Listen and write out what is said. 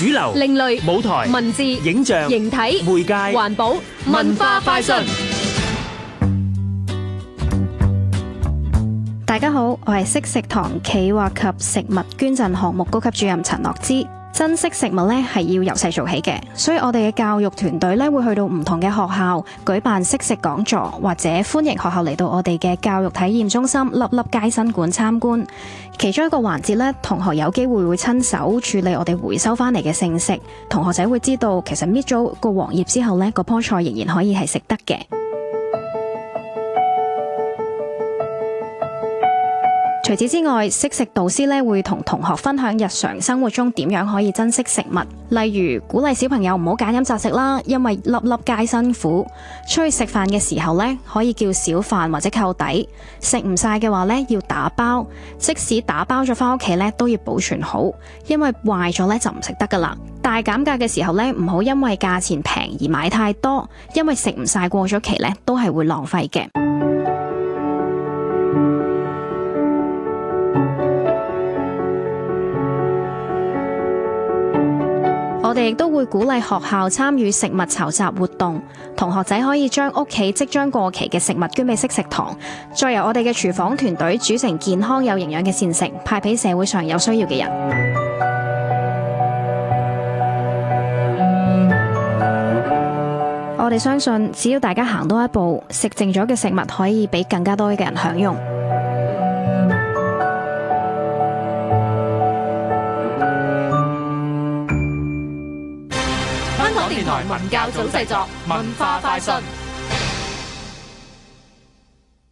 主流、另類舞台、文字、影像、形體、媒介、環保、文化快訊。大家好，我係識食堂企劃及食物捐贈項目高級主任陳樂之。珍惜食物咧，係要由細做起嘅，所以我哋嘅教育團隊咧會去到唔同嘅學校舉辦惜食講座，或者歡迎學校嚟到我哋嘅教育體驗中心粒粒皆新館參觀。其中一個環節咧，同學有機會會親手處理我哋回收翻嚟嘅剩食，同學仔會知道其實搣咗個黃葉之後咧，個菠菜仍然可以係食得嘅。除此之外，識食導師咧會同同學分享日常生活中點樣可以珍惜食物，例如鼓勵小朋友唔好揀飲擇食啦，因為粒粒皆辛苦。出去食飯嘅時候咧，可以叫少飯或者扣底，食唔晒嘅話咧要打包。即使打包咗返屋企咧，都要保存好，因為壞咗咧就唔食得㗎喇。大減價嘅時候咧，唔好因為價錢平而買太多，因為食唔晒過咗期咧都係會浪費嘅。我哋亦都會鼓勵學校參與食物籌集活動，同學仔可以將屋企即將過期嘅食物捐俾惜食堂，再由我哋嘅廚房團隊煮成健康有營養嘅膳食，派俾社會上有需要嘅人。 我哋相信，只要大家行多一步，食剩咗嘅食物可以俾更加多嘅人享用。 香港電台文教組製作，文化快訊。